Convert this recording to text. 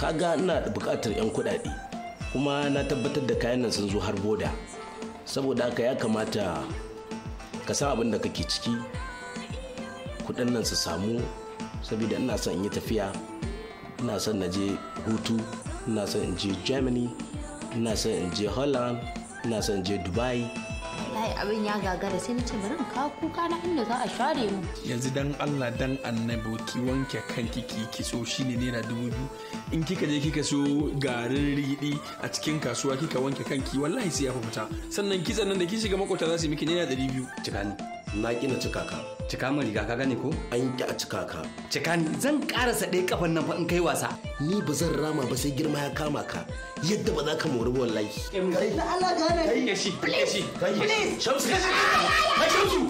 kaga ina da buƙatar 'yan kuɗaɗe kuma na tabbatar da kayan nan sun zo har boda saboda haka ya kamata ka san abin da kake ciki kuɗin nan su samu saboda ina son in yi tafiya ina son na je hutu ina son in je germany ina son in je holland ina son in je dubai ai abin ya gagara sai na ce bari ka kuka na inda za a share mu yanzu dan Allah dan annabi ki wanke kanki ki kitso shine naira dubu biyu in kika je kika so garin riɗi a cikin kasuwa kika wanke kanki wallahi sai ya fita sannan kitsan nan da kin shiga makota za su yi miki naira ɗari biyu tunani na kina cika ka cika min riga ka gane ko an ki a cika ka cika zan karasa ɗaya kafan nan fa in kai wasa ni ba zan rama ba sai girma ya kama ka yadda ba za ka mori wallahi kai na Allah gane kai shi kai shi kai shamsu kai shamsu